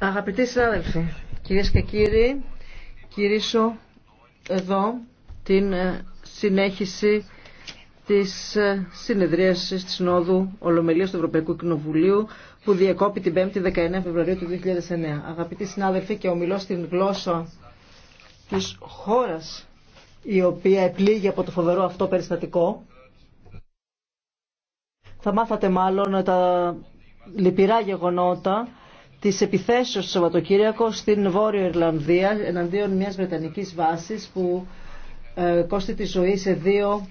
Αγαπητοί συνάδελφοι, κυρίες και κύριοι, κηρύσω εδώ την ε, συνέχιση της ε, συνεδρίασης της Συνόδου Ολομελίας του Ευρωπαϊκού Κοινοβουλίου που διεκόπη την 5η 19 Φεβρουαρίου του 2009. Αγαπητοί συνάδελφοι και ομιλώ στην γλώσσα της χώρας η οποία επλήγει από το φοβερό αυτό περιστατικό. Θα μάθατε μάλλον τα λυπηρά γεγονότα της επιθέσεως του Σαββατοκύριακο στην Βόρεια Ιρλανδία εναντίον μιας Βρετανικής βάσης που ε, κόστη τη ζωή σε δύο